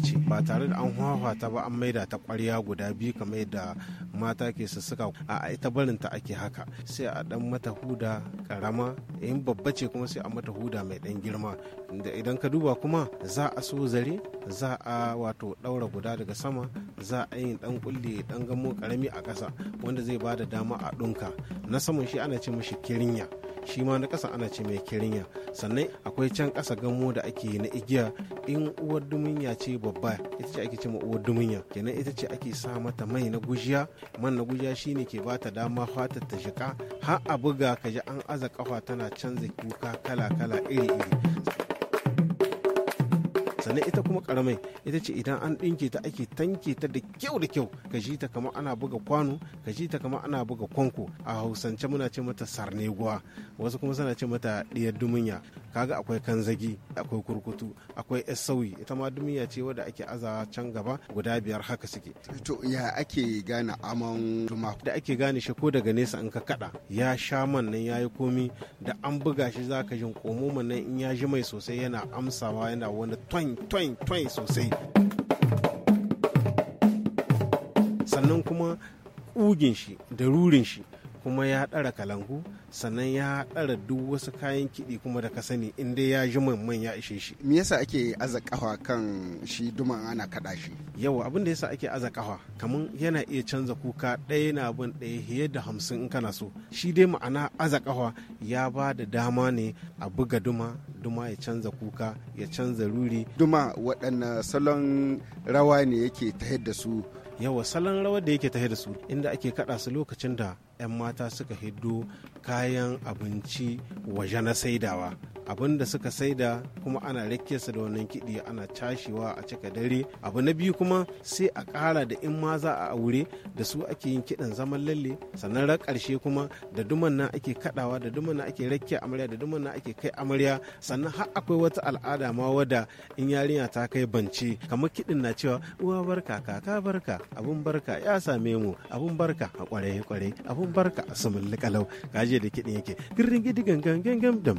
ce ba tare da an ta ba an maida ta kwarya guda biyu kamar yadda mata ke sussuka a ita barinta ake haka sai a dan mata huda karama in babba ce kuma sai a mata huda mai dan girma da idan ka duba kuma za a so zare za a wato daura guda daga sama za a yi dan kulle dan gamo karami a ƙasa wanda zai ba da dama a ɗunka na saman shi ana ce mashi kirinya shi ma na ƙasa ana ce mai kirinya sannan akwai can ƙasa gamo da ake yi na igiya in uwar dumunya ce babba ita ce ake ce ma uwar dumunya kenan ita ce ake sa mata mai na gujiya man na gujiya shine ke bata dama fatar ta shika har a buga ka kaji an aza kafa tana canza kuka kala kala iri iri sannan ita kuma karamai ita ce idan an ɗinke ta ake tanke ta da kyau da kyau ka ji ta kamar ana buga kwano ka ji ta kamar ana buga kwanko a hausance muna ce mata sarneguwa wasu kuma suna ce mata ɗiyar dumunya kaga akwai kanzagi akwai kurkutu akwai yan sauyi ita ma duniya ce wadda ake azawa can gaba guda biyar haka suke to ya ake gane aman duma da ake gane shi ko daga nesa in ka kada ya sha man nan yayi komi da an buga shi zaka jin komo nan in ya ji mai sosai yana amsawa yana wani twain twain twain sosai sannan kuma ƙugin shi da rurin shi kuma ya ɗara kalangu sannan ya ɗara duk wasu kayan kiɗi kuma da ka sani in dai ya ji man ya ishe shi me yasa ake aza kafa kan shi duman ana kaɗa shi yawa abin da yasa ake aza kamar yana iya canza kuka ɗaya na bin ɗaya fiye da hamsin in kana so shi dai ma'ana aza ya ba da dama ne a buga duma duma ya canza kuka ya canza ruri duma waɗanne salon rawa ne yake ta da su yawa salon rawar da yake tahe da su inda ake kada su lokacin da 'yan mata suka hiddo kayan abinci waje na saidawa abin da suka saida kuma ana su da wannan kiɗi ana cashewa a cika dare abu na biyu kuma sai a ƙara da in ma za a aure da su ake yin kiɗan zaman lalle sannan ran ƙarshe kuma da duman nan ake kaɗawa da duman nan ake rakiya amarya da duman nan ake kai amarya sannan har akwai wata al'ada ma wadda in yarinya ta kai bance kamar kiɗin na cewa uwa barka kaka barka abun barka ya same mu abun barka a kwarai kwarai abun barka a sumulli kalau kaje da kiɗin yake girin gidigan gangan dam